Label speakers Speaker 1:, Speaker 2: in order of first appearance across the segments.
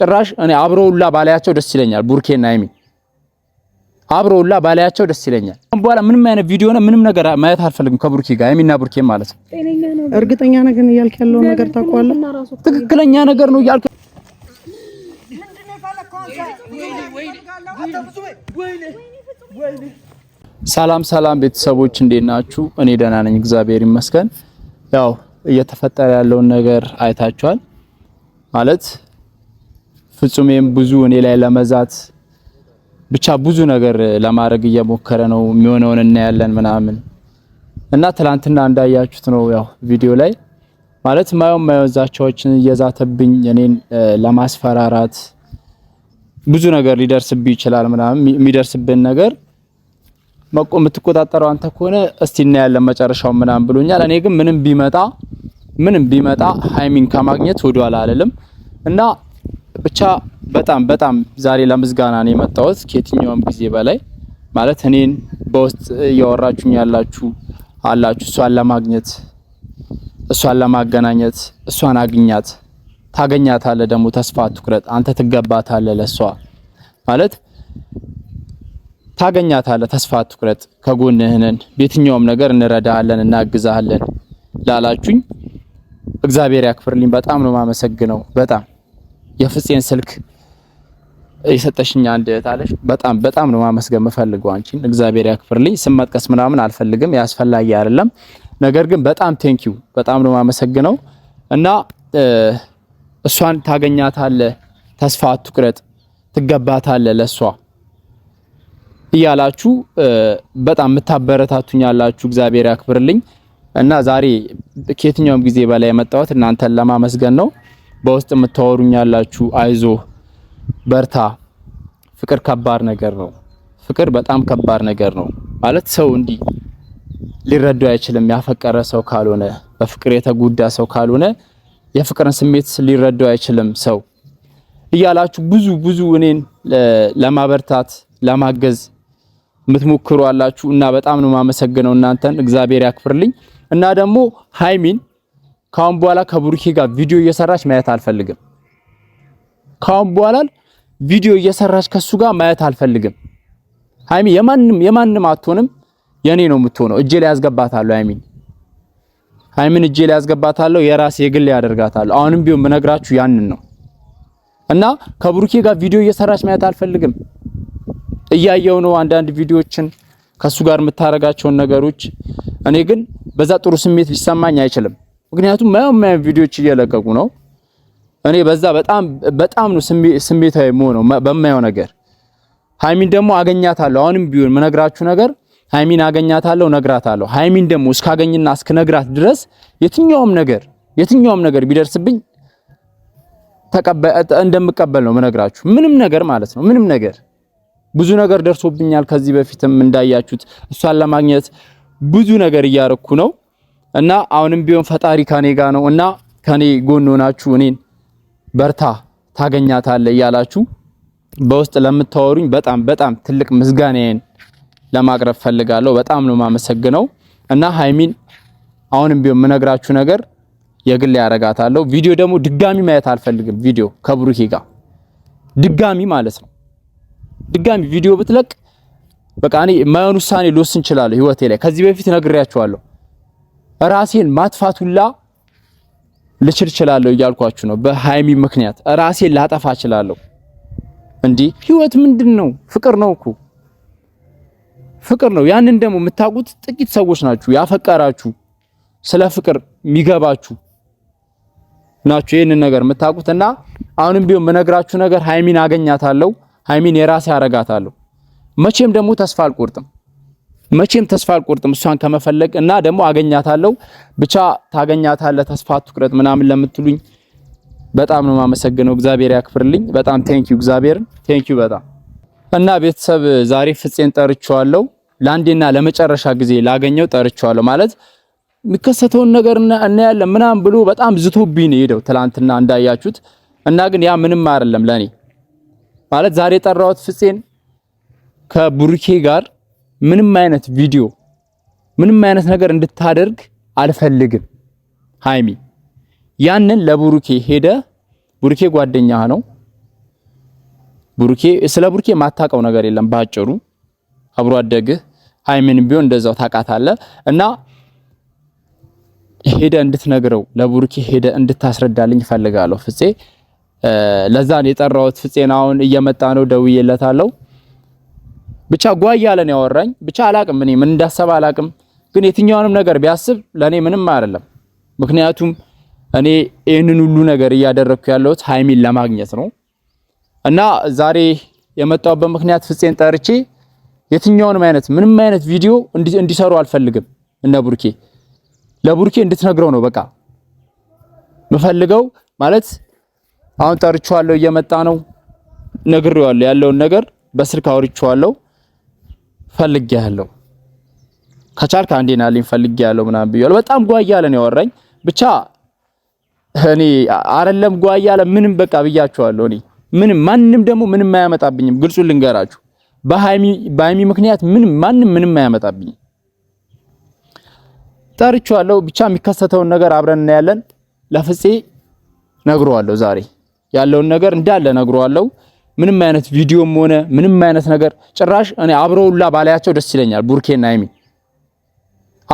Speaker 1: ጭራሽ እኔ አብረውላ ባላያቸው ደስ ይለኛል። ቡርኬና ሀይሚ አብረውላ ባላያቸው ደስ ይለኛል። በኋላ ምንም አይነት ቪዲዮ ነው ምንም ነገር ማየት አልፈልግም ከቡርኬ ጋር ሀይሚና ቡርኬ ማለት
Speaker 2: ነው። እርግጠኛ ነገር ግን እያልክ ያለውን ነገር ታውቀዋለህ። ትክክለኛ ነገር ነው እያልክ
Speaker 1: ሰላም ሰላም ቤተሰቦች እንዴት ናችሁ? እኔ ደህና ነኝ እግዚአብሔር ይመስገን። ያው እየተፈጠረ ያለውን ነገር አይታችኋል ማለት ፍጹሜም ብዙ እኔ ላይ ለመዛት ብቻ ብዙ ነገር ለማድረግ እየሞከረ ነው። የሚሆነውን እናያለን ምናምን እና ትላንትና እንዳያችሁት ነው ያው ቪዲዮ ላይ ማለት ማየው ማየው ዛቻዎችን እየዛተብኝ እኔን ለማስፈራራት ብዙ ነገር ሊደርስብኝ ይችላል ምናምን የሚደርስብን ነገር መቆ የምትቆጣጠረው አንተ ከሆነ እስቲ እናያለን መጨረሻው ምናምን ብሎኛል። እኔ ግን ምንም ቢመጣ ምንም ቢመጣ ሀይሚን ከማግኘት ወደኋላ አልልም እና ብቻ በጣም በጣም ዛሬ ለምስጋና ነው የመጣሁት ከየትኛውም ጊዜ በላይ ማለት እኔን በውስጥ እያወራችሁኝ ያላችሁ አላችሁ እሷን ለማግኘት እሷን ለማገናኘት እሷን አግኛት ታገኛታለ ደግሞ ተስፋ ትኩረት አንተ ትገባታለ ለሷ ማለት ታገኛታለ ተስፋ ትኩረት ከጎንህ ነን፣ በየትኛውም ነገር እንረዳሃለን፣ እናግዛሃለን ላላችሁኝ እግዚአብሔር ያክብርልኝ። በጣም ነው የማመሰግነው በጣም የፍፄን ስልክ የሰጠሽኝ አንድ እህት አለሽ። በጣም በጣም ነው ማመስገን የምፈልገው አንቺን። እግዚአብሔር ያክብርልኝ። ስም መጥቀስ ምናምን አልፈልግም፣ ያስፈላጊ አይደለም። ነገር ግን በጣም ቴንኪው፣ በጣም ነው ማመሰግነው እና እሷን ታገኛታለህ፣ ተስፋ አትቁረጥ፣ ትገባታለህ ለሷ እያላችሁ በጣም የምታበረታቱኝ ያላችሁ እግዚአብሔር ያክብርልኝ እና ዛሬ ከየትኛውም ጊዜ በላይ የመጣሁት እናንተን ለማመስገን ነው። በውስጥ የምታወሩኝ ያላችሁ አይዞ በርታ። ፍቅር ከባድ ነገር ነው። ፍቅር በጣም ከባድ ነገር ነው ማለት ሰው እንዲህ ሊረዳው አይችልም። ያፈቀረ ሰው ካልሆነ በፍቅር የተጎዳ ሰው ካልሆነ የፍቅርን ስሜት ሊረዳው አይችልም ሰው እያላችሁ ብዙ ብዙ እኔን ለማበርታት ለማገዝ የምትሞክሩ አላችሁ እና በጣም ነው የማመሰግነው እናንተን እግዚአብሔር ያክፍርልኝ እና ደግሞ ሀይሚን ካሁን በኋላ ከብሩኬ ጋር ቪዲዮ እየሰራች ማየት አልፈልግም። ካሁን በኋላ ቪዲዮ እየሰራች ከሱ ጋር ማየት አልፈልግም። ሃይሚ የማንም የማንም አትሆንም፣ የኔ ነው የምትሆነው። እጄ ላይ ያስገባታለሁ። ሃይሚን ሃይሚን እጄ ላይ ያስገባታለሁ፣ የራሴ የግል ያደርጋታለሁ። አሁንም ቢሆን ብነግራችሁ ያንን ነው እና ከብሩኬ ጋር ቪዲዮ እየሰራች ማየት አልፈልግም። እያየው ነው አንዳንድ ቪዲዮዎችን ከሱ ጋር የምታረጋቸውን ነገሮች። እኔ ግን በዛ ጥሩ ስሜት ሊሰማኝ አይችልም። ምክንያቱም ማየው ማየው ቪዲዮዎች እየለቀቁ ነው። እኔ በዛ በጣም በጣም ነው ስሜታዊ የምሆነው በማየው ነገር። ሀይሚን ደግሞ አገኛታለሁ። አሁንም ቢሆን ምነግራችሁ ነገር ሀይሚን አገኛታለሁ፣ ነግራታለሁ። ሀይሚን ደግሞ እስካገኝና እስክነግራት ድረስ የትኛውም ነገር የትኛውም ነገር ቢደርስብኝ እንደምቀበል ነው ምነግራችሁ። ምንም ነገር ማለት ነው ምንም ነገር ብዙ ነገር ደርሶብኛል። ከዚህ በፊትም እንዳያችሁት እሷን ለማግኘት ብዙ ነገር እያረኩ ነው። እና አሁንም ቢሆን ፈጣሪ ከኔ ጋር ነው እና ከኔ ጎን ሆናችሁ እኔን በርታ ታገኛታለ እያላችሁ በውስጥ ለምታወሩኝ በጣም በጣም ትልቅ ምስጋናዬን ለማቅረብ ፈልጋለሁ። በጣም ነው የማመሰግነው እና ሀይሚን አሁንም ቢሆን የምነግራችሁ ነገር የግል ያረጋታለሁ። ቪዲዮ ደግሞ ድጋሚ ማየት አልፈልግም። ቪዲዮ ከብሩኬ ጋር ድጋሚ ማለት ነው ድጋሚ ቪዲዮ ብትለቅ በቃ እኔ የማይሆን ውሳኔ ልወስን እችላለሁ ህይወቴ ላይ። ከዚህ በፊት ነግሬያችኋለሁ። ራሴን ማጥፋት ሁላ ልችል እችላለሁ እያልኳችሁ ነው። በሃይሚ ምክንያት ራሴን ላጠፋ እችላለሁ። እንዲህ ህይወት ምንድን ነው? ፍቅር ነው እኮ ፍቅር ነው። ያንን ደግሞ የምታውቁት ጥቂት ሰዎች ናችሁ፣ ያፈቀራችሁ ስለ ፍቅር የሚገባችሁ ናችሁ ይህንን ነገር የምታውቁት እና አሁንም ቢሆን የምነግራችሁ ነገር ሃይሚን አገኛታለሁ፣ ሃይሚን የራሴ አረጋታለሁ። መቼም ደግሞ ተስፋ አልቆርጥም። መቼም ተስፋ አልቆርጥም እሷን ከመፈለግ እና ደግሞ አገኛታለሁ ብቻ ታገኛታለህ ተስፋ አትቁረጥ ምናምን ለምትሉኝ በጣም ነው የማመሰግነው። እግዚአብሔር ያክብርልኝ። በጣም ቴንኪዩ እግዚአብሔር ቴንኪዩ በጣም እና ቤተሰብ ዛሬ ፍፄን ጠርቼዋለሁ። ለአንዴና ለመጨረሻ ጊዜ ላገኘው ጠርቼዋለሁ። ማለት የሚከሰተውን ነገር እናያለን ምናምን ብሎ በጣም ዝቶብኝ ነው የሄደው ትላንትና እንዳያችሁት። እና ግን ያ ምንም አይደለም ለኔ ማለት ዛሬ የጠራሁት ፍፄን ከቡርኬ ጋር ምንም አይነት ቪዲዮ ምንም አይነት ነገር እንድታደርግ አልፈልግም ሃይሚ። ያንን ለቡሩኬ ሄደ ቡሩኬ ጓደኛ ነው። ቡሩኬ ስለ ቡሩኬ የማታውቀው ነገር የለም። ባጭሩ አብሮ አደግህ ሃይሚን ቢሆን እንደዛው ታውቃታለህ። እና ሄደ እንድትነግረው ለቡሩኬ ሄደ እንድታስረዳልኝ እፈልጋለሁ ፍፄ። ለዛን ነው የጠራሁት። ፍፄን አሁን እየመጣ ነው፣ ደውዬለታለሁ። ብቻ ጓ እያለ ነው ያወራኝ። ብቻ አላቅም፣ እኔ ምን እንዳሰበ አላቅም። ግን የትኛውንም ነገር ቢያስብ ለእኔ ምንም አይደለም። ምክንያቱም እኔ ይህንን ሁሉ ነገር እያደረግኩ ያለሁት ሀይሚን ለማግኘት ነው እና ዛሬ የመጣሁበት ምክንያት ፍፄን ጠርቼ የትኛውንም አይነት ምንም አይነት ቪዲዮ እንዲሰሩ አልፈልግም። እነ ቡርኬ ለቡርኬ እንድትነግረው ነው በቃ ምፈልገው ማለት አሁን ጠርቼዋለሁ፣ እየመጣ ነው ነግሬዋለሁ፣ ያለውን ነገር በስልክ አውርቼዋለሁ። ፈልግ ያለው ከቻልክ አንዴ ናልኝ ፈልግ ያለው ምናምን ብያለሁ። በጣም ጓያ ነው ያወራኝ። ብቻ እኔ አይደለም ጓያ ምንም በቃ ብያቸዋለሁ። እኔ ምንም ማንም ደግሞ ምንም አያመጣብኝም። ግልጹን ልንገራችሁ በሃይሚ በሃይሚ ምክንያት ምንም ማንም ምንም አያመጣብኝም። ጠርቼዋለሁ። ብቻ የሚከሰተውን ነገር አብረን እናያለን። ለፍፄ ነግረዋለሁ። ዛሬ ያለውን ነገር እንዳለ ነግረዋለሁ። ምንም አይነት ቪዲዮም ሆነ ምንም አይነት ነገር ጭራሽ እኔ አብረውላ ባላያቸው ደስ ይለኛል። ቡርኬና ሀይሚ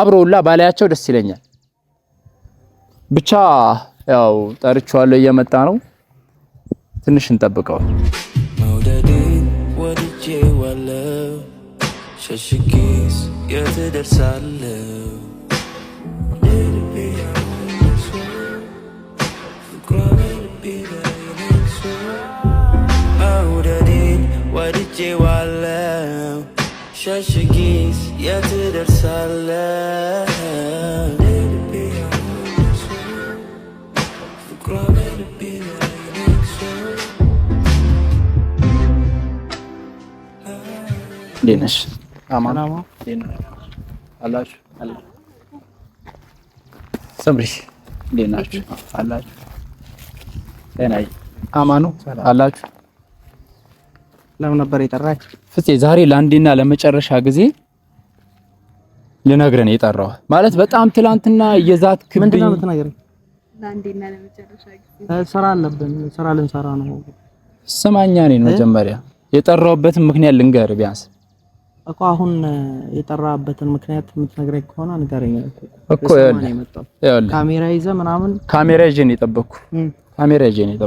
Speaker 1: አብረውላ ባላያቸው ደስ ይለኛል። ብቻ ያው ጠርቼዋለሁ፣ እየመጣ ነው። ትንሽ እንጠብቀው። መውደድን ወድጄዋለሁ፣ ሸሽጌስ የት የት ደርሳለህ? እንዴት አላችሁ ሰምሪ
Speaker 2: አላችሁ አማኑ አላችሁ። ለምን ነበር
Speaker 1: ፍፄ ዛሬ ለአንዴና ለመጨረሻ ጊዜ ልነግረን የጠራው ማለት በጣም ትላንትና የዛት
Speaker 2: ክብ ምንድን ነው የምትነግረኝ? ስራ አለብን፣ ስራ ልንሰራ ነው።
Speaker 1: ስማኛ እኔን መጀመሪያ የጠራውበትን ምክንያት ልንገር ቢያንስ
Speaker 2: እኮ አሁን የጠራበትን ምክንያት የምትነግረኝ ከሆነ ንገረኝ እኮ። ካሜራ ይዘህ ምናምን?
Speaker 1: ካሜራ ይዤ ነው ካሜራ ይዤ ነው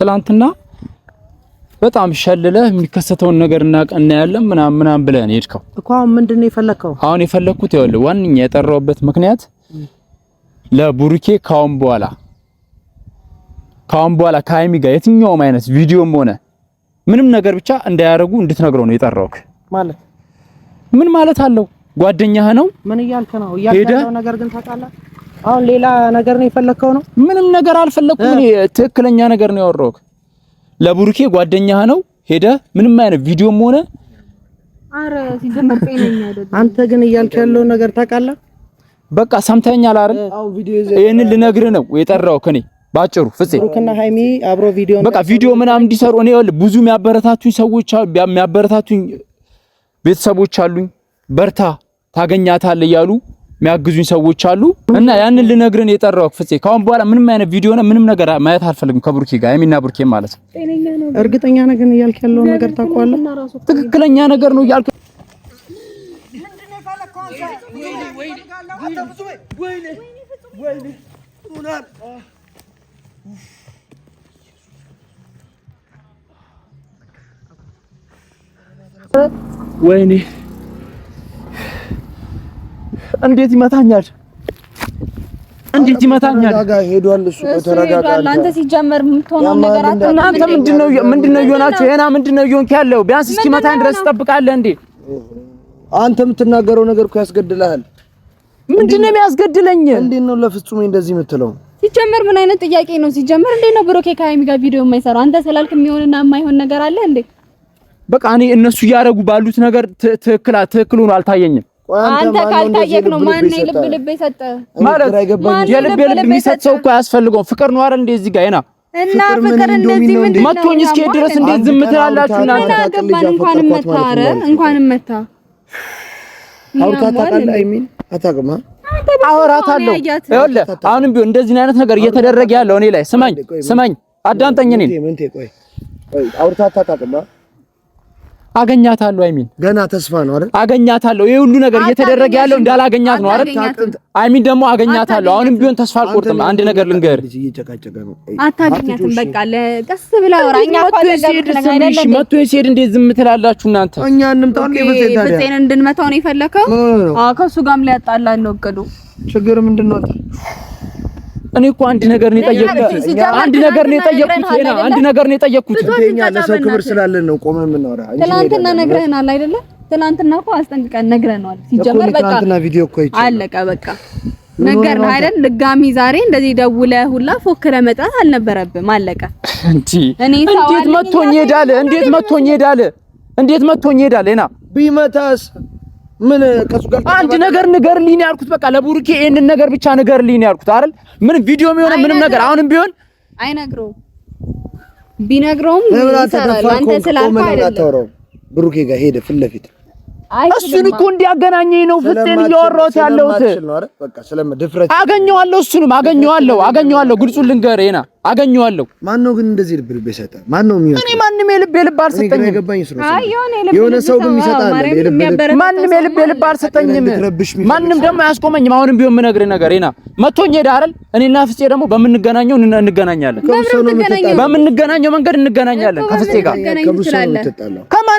Speaker 1: ትላንትና በጣም ሸልለህ የሚከሰተውን ነገር እናያለን ምናምን ምናምን ብለን ሄድከው
Speaker 2: እኮ። አሁን ምንድን ነው የፈለግከው?
Speaker 1: አሁን የፈለግኩት ይኸውልህ፣ ዋንኛ የጠራሁበት ምክንያት ለቡሩኬ ካሁን በኋላ ካሁን በኋላ ከሀይሚ ጋር የትኛውም አይነት ቪዲዮም ሆነ ምንም ነገር ብቻ እንዳያደርጉ እንድትነግረው ነው የጠራሁህ። ማለት ምን ማለት አለው? ጓደኛህ ነው።
Speaker 2: ምን እያልክ ነው? እያልክ ነገር ግን ታውቃለህ። አሁን ሌላ ነገር ነው የፈለግከው ነው?
Speaker 1: ምንም ነገር አልፈለኩም። ትክክለኛ ነገር ነው ያወራሁህ ለቡሩኬ ጓደኛህ ነው ሄደ ምንም አይነት ቪዲዮም ሆነ
Speaker 3: አረ ሲጀመር
Speaker 2: አንተ ግን እያልክ ያለውን ነገር ታውቃለህ።
Speaker 1: በቃ ሰምተኛል አይደል? ይሄንን ልነግርህ ነው የጠራው ከኔ ባጭሩ ፍፄ
Speaker 2: ብሩክና ሃይሚ አብሮ ቪዲዮ
Speaker 1: በቃ ቪዲዮ ምናምን እንዲሰሩ እኔ ብዙ የሚያበረታቱኝ ሰዎች የሚያበረታቱኝ ቤተሰቦች አሉኝ። በርታ ታገኛታለህ እያሉ የሚያግዙኝ ሰዎች አሉ እና ያንን ልነግርን የጠራው ፍፄ፣ ካሁን በኋላ ምንም አይነት ቪዲዮ ነው ምንም ነገር ማየት አልፈልግም ከብሩኬ ጋር የሚና ብሩኬ ማለት
Speaker 2: ነው። እርግጠኛ ነገር እያልክ ያለውን ነገር ታውቀዋለህ። ትክክለኛ ነገር ነው እያልክ
Speaker 1: ወይኔ እንዴት ይመታኛል? እንዴት ይመታኛል?
Speaker 3: ሄዷል። እሱ ተረጋጋ። አንተ ሲጀመር የምትሆነው
Speaker 1: ነገር አትሆንም። አንተ ምንድነው ምንድነው እየሆናችሁ? ሄና ምንድነው እየሆንክ ያለው? ቢያንስ እስኪመታኝ ድረስ ትጠብቃለህ እንዴ?
Speaker 2: አንተ የምትናገረው ነገር እኮ ያስገድልሃል።
Speaker 1: ምንድነው የሚያስገድለኝ?
Speaker 2: እንዴት ነው ለፍጹሜ እንደዚህ የምትለው?
Speaker 3: ሲጀመር ምን አይነት ጥያቄ ነው? ሲጀመር እንዴት ነው ብሮኬ ከሀይሚ ጋር ቪዲዮ የማይሰራው? አንተ ስላልክ የሚሆንና የማይሆን ነገር አለ እንዴ?
Speaker 1: በቃ እኔ እነሱ እያደረጉ ባሉት ነገር ትክክል ትክክል ሆኖ አልታየኝም።
Speaker 3: አንተ ካልታየክ ነው ማን ነው ልብ ልብ የሰጠ
Speaker 1: ማለት የልብ ልብ የሚሰጥ ሰው እኮ አያስፈልገውም። ፍቅር ነው አይደል? እንደዚህ ጋር አይና
Speaker 3: እና ፍቅር እንደዚህ ምን
Speaker 1: መቶኝ እስኪ ድረስ እንዴት ዝም ትላላችሁ?
Speaker 3: እናንተ አገባን እንኳን መታ አረ እንኳን መታ
Speaker 2: አውርታት አቃለ አይሚን አታውቅም።
Speaker 1: አወራታለሁ ይኸውልህ፣ አሁንም ቢሆን እንደዚህ አይነት ነገር እየተደረገ ያለው እኔ ላይ ስማኝ፣ ስማኝ፣ አዳምጠኝ እኔን አገኛታለሁ አይሚን
Speaker 2: ገና ተስፋ ነው
Speaker 1: አይደል? አገኛታለሁ። ይሄ ሁሉ ነገር እየተደረገ ያለው እንዳላገኛት ነው አይደል? አይሚን ደግሞ አገኛታለሁ። አሁንም ቢሆን ተስፋ አልቆርጥም። አንድ ነገር ልንገር፣
Speaker 3: አታገኛትም። በቃ ለቀስ ብላ
Speaker 1: ወራኛ መቶ ሲሄድ እንዴት ዝም ትላላችሁ እናንተ? ታውቂ
Speaker 2: እኛ እንምጣው
Speaker 3: እንድንመታው ነው የፈለከው? ከሱ ጋርም ሊያጣላን ነው እቅዱ።
Speaker 2: ችግር ምንድን ነው
Speaker 1: እኔ እኮ አንድ ነገር ነው የጠየቅኩት፣ አንድ ነገር ነው የጠየቅኩት፣ አንድ ነገር ነው የጠየቅኩት።
Speaker 2: እንደኛ ለሰው ክብር ስላለን ነው ቆመን የምናወራ።
Speaker 3: ትናንትና ነግረህናል አይደለ? ትናንትና እኮ አስጠንቅቀን ነግረህናል።
Speaker 1: ሲጀመር በቃ ትናንትና ቪዲዮ እኮ
Speaker 3: ይቻላል፣ አለቀ በቃ ነገር አይደል? ድጋሚ ዛሬ እንደዚህ ደውለህ ሁላ ፎክረ መጣት አልነበረብም። አለቀ
Speaker 1: እንጂ እንዴት መቶኝ ሄዳለ? እንዴት መቶኝ ሄዳለ? እንዴት መቶኝ ሄዳለ? ና
Speaker 2: ቢመታስ ምን ከሱ
Speaker 1: ጋር አንድ ነገር ንገርልኝ ነው ያልኩት። በቃ ለቡርኬ ይሄንን ነገር ብቻ ንገርልኝ ነው ያልኩት አይደል? ምን ቪዲዮ የሚሆነ ምንም ነገር አሁንም ቢሆን
Speaker 3: አይነግረውም። ቢነግረውም
Speaker 2: ይሰራል። አንተ ስላልከው አይደለም ብሩኬ ጋር ሄደ ፊት ለፊት
Speaker 1: እሱን እኮ እንዲያገናኘኝ ነው ፍጤን እያወራሁት ያለሁት። አገኘዋለሁ፣ እሱንም አገኘዋለሁ፣ አገኘዋለሁ። ግልጹን ልንገርህ ና አገኘዋለሁ።
Speaker 2: ማነው ግን እንደዚህ ልብ ልብ የሰጠ ማነው? እኔ
Speaker 3: ማንም የልብ የልብ አልሰጠኝም። የሆነ ሰው ግን ይሰጣል።
Speaker 1: ማንም የልብ የልብ አልሰጠኝም። ማንም ደግሞ አያስቆመኝም። አሁንም ቢሆን የምነግርህ ነገር ና መቶኝ ሄደ አይደል? እኔና ፍጤ ደግሞ በምንገናኘው እንገናኛለን፣ በምንገናኘው መንገድ እንገናኛለን ከፍጤ ጋር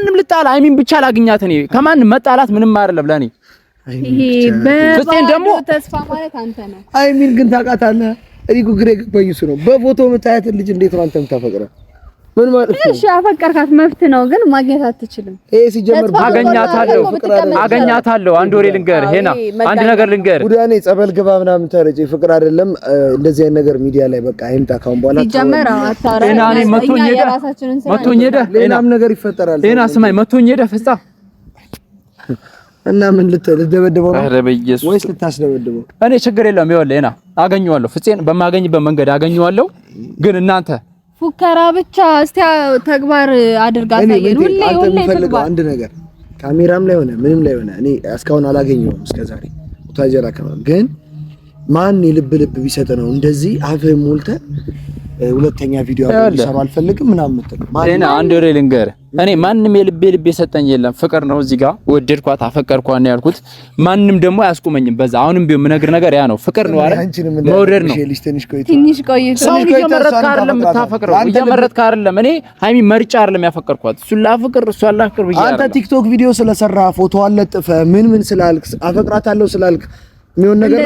Speaker 1: ከማንም ልጣላ አይሚን ብቻ ላግኛት። እኔ ከማንም መጣላት ምንም አይደለም ለኔ። ይሄ ደግሞ ተስፋ ማለት
Speaker 2: አንተ ነው። አይሚን ግን ታውቃታለህ። እኔ ጉግሬ ገባኝ እሱ ነው። በፎቶ መታየት ልጅ እንዴት ነው አንተ ታፈቅረህ
Speaker 3: ምን ማለት ነው? እሺ አፈቀርካት፣ መብት ነው፣ ግን ማግኘት አትችልም።
Speaker 1: ይሄ ሲጀመር አገኛታለሁ፣ አገኛታለሁ። አንድ ወሬ ልንገር፣ ሄና አንድ ነገር ልንገር፣
Speaker 2: ጉዳኔ ጸበል ግባ ምናምን ታረጭ ፍቅር አይደለም እንደዚህ አይነት ነገር ሚዲያ ላይ በቃ አይምጣ።
Speaker 3: ካሁን በኋላ ሲጀመር
Speaker 1: አታራ ሄና፣ እኔ መቶኝ ሄደ፣ መቶኝ ሄደ፣ ሌላም ነገር ይፈጠራል። ሄና ስማኝ፣ መቶኝ ሄደ ፍጻ
Speaker 2: እና ምን ልትደበድበው ነው ወይስ ልታስደበድበው?
Speaker 1: እኔ ችግር የለውም። ይኸውልህ ሄና፣ አገኘዋለሁ፣ ፍጼን በማገኝበት መንገድ አገኘዋለሁ። ግን እናንተ
Speaker 3: ፉከራ ብቻ እስቲ ተግባር አድርጋ
Speaker 2: ታየን። አንድ ነገር ካሜራም ላይ ሆነ ምንም ላይ ሆነ እኔ እስካሁን አላገኘሁም እስከዛሬ ታጀራ ግን ማን የልብ ልብ ቢሰጥ ነው እንደዚህ አፍህ ሞልተ ሁለተኛ ቪዲዮ አልሰራ አልፈልግም ምናምን የምትለው
Speaker 1: እኔ አንድ ወሬ ልንገር እኔ ማንም የልቤ ልብ የሰጠኝ የለም። ፍቅር ነው እዚህ ጋር ወደድኳት፣ አፈቀርኳት ነው ያልኩት። ማንም ደግሞ አያስቆመኝም በዛ። አሁንም ቢሆን ምነግር ነገር ያ ነው። ፍቅር ነው አረ መውደድ ነው። ትንሽ ቆይ ትንሽ ቆይቶ ሰው እየመረጥክ አይደለም የምታፈቅረው፣ እየመረጥክ አይደለም። እኔ ሀይሚ መርጫ አይደለም ያፈቀርኳት፣ እሱን ላፍቅር እሷን ላፍቅር
Speaker 2: ብዬሽ አንተ ቲክቶክ ቪዲዮ ስለሰራ ፎቶ አለጥፈህ ምን ምን ስላልክ አፈቅራታለሁ ስላልክ
Speaker 1: የሚሆን ነገር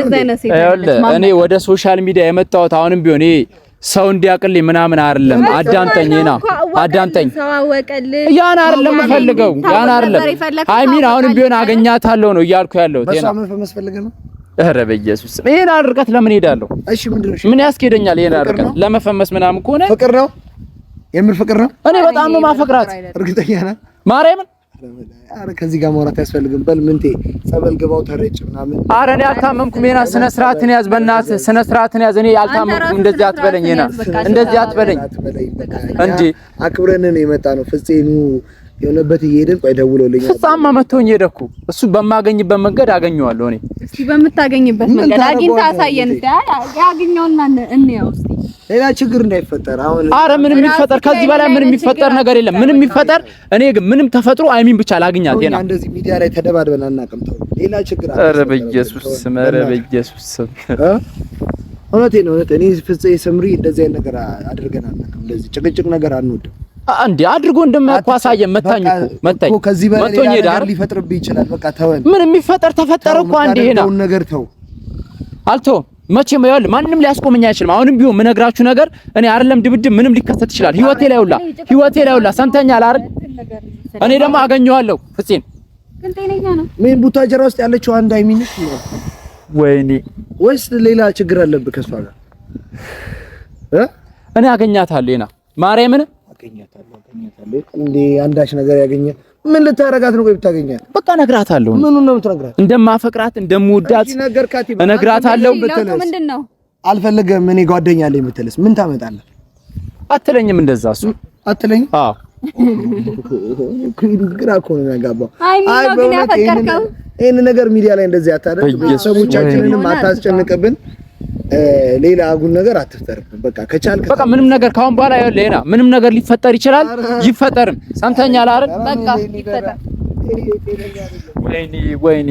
Speaker 1: ነው። እኔ ወደ ሶሻል ሚዲያ የመጣሁት አሁንም ቢሆን ይሄ ሰው እንዲያቅልኝ ምናምን አይደለም። አዳምጠኝ ና አዳምጠኝ። ያን አይደለም ፈልገው ያን አይደለም ሀይሚን አሁንም ቢሆን አገኛታለሁ ነው እያልኩ ያለው
Speaker 2: ጤና
Speaker 1: ኧረ በኢየሱስ ይሄን አድርቀት ለምን ሄዳለሁ?
Speaker 2: እሺ ምን
Speaker 1: ያስኬደኛል? ይሄን አርቀት ለመፈመስ ምናምን ከሆነ
Speaker 2: ፍቅር ነው የምር ፍቅር ነው።
Speaker 1: እኔ በጣም ነው ማፈቅራት እርግጠኛ ነኝ ማርያምን
Speaker 2: አረ ከዚህ ጋር ማውራት ያስፈልግም። በል ምንቴ ጸበል ግባው ተረጭ ምናምን።
Speaker 1: አረ እኔ አልታመምኩም። ና ስነ ስርዓትን ያዝ፣ በእናትህ ስነ ስርዓትን ያዝ። እኔ አልታመምኩም። እንደዚህ አትበለኝ፣ ና እንደዚህ አትበለኝ እንጂ
Speaker 2: አክብረን የመጣ ነው ፍፄኑ የሆነበት እየሄድን ቆይ ደውሎልኛል።
Speaker 1: ፍጻማ መተውኝ ሄደ እኮ እሱ በማገኝበት መንገድ አገኘዋለሁ እኔ።
Speaker 3: እስቲ በምታገኝበት መንገድ አግኝተህ አሳየን። እስቲ ያገኘውና እንየው እስቲ
Speaker 2: ሌላ ችግር እንዳይፈጠር። አሁን
Speaker 1: አረ ምንም የሚፈጠር ከዚህ በላይ ምንም የሚፈጠር ነገር የለም። ምንም የሚፈጠር እኔ ግን ምንም ተፈጥሮ አይሚን ብቻ ላግኛት። ዜና
Speaker 2: እንደዚህ ሚዲያ ላይ ተደባድበን አናውቅም። ሌላ ችግር አለ።
Speaker 1: አረ በኢየሱስ ስም፣ አረ በኢየሱስ ስም
Speaker 2: እውነቴን ነው። እኔ ፍፄ ስምሪ እንደዚህ አይነት ነገር አድርገን አናውቅም። እንደዚህ ጭቅጭቅ ነገር አንወድም።
Speaker 1: እንዴ አድርጎ እንደማያውቁ መታኝ እኮ መታኝ እኮ ከዚህ በላይ ነገር ሊፈጥርብህ ይችላል። በቃ ተወን። ምን የሚፈጠር ተፈጠረ እኮ አንዴ ነው ነገር ተው፣ አልተውም መቼም ይኸውልህ፣ ማንም ሊያስቆመኝ አይችልም። አሁንም ቢሆን ምነግራችሁ ነገር እኔ አይደለም ድብድብ ምንም ሊከሰት ይችላል። ህይወቴ ላይ ሁላ ህይወቴ ላይ ሁላ ሰምተኛል አይደል? እኔ ደግሞ አገኘዋለሁ። ፍፄን ግን
Speaker 2: ጤነኛ ነው። ምን ቡታጀራ ውስጥ ያለችው አንድ አይሚንሽ ነው ወይኔ፣ ወይስ ሌላ ችግር አለብህ ከሷ ጋር?
Speaker 1: እኔ አገኛታለሁ ና ማርያምን አገኛታለሁ
Speaker 2: አገኛታለሁ። እንዴ አንዳች ነገር ያገኘ ምን ልታረጋት ነው? ቆይ ብታገኛት
Speaker 1: በቃ እነግራታለሁ። ምን ነው የምትነግራት? እንደማፈቅራት እንደምወዳት እነግራታለሁ። ምንድነው
Speaker 2: አልፈለገም። እኔ ጓደኛ አለኝ ብትልስ ምን ታመጣለህ?
Speaker 1: አትለኝም። እንደዛ እሱ
Speaker 2: አትለኝም። አዎ ግራ እኮ ነው የሚያጋባው።
Speaker 3: አይ በእውነት
Speaker 2: ይሄን ነገር ሚዲያ ላይ እንደዚህ አታደርግ። ቤተሰቦቻችንንም አታስጨንቅብን። ሌላ አጉል ነገር አትፍጠርብን። በቃ ከቻልክ
Speaker 1: በቃ ምንም ነገር ካሁን በኋላ ሌላ ምንም ነገር ሊፈጠር ይችላል። ይፈጠርም ሰምተኛል አይደል?
Speaker 3: በቃ ይፈጠር። ወይኔ ወይኔ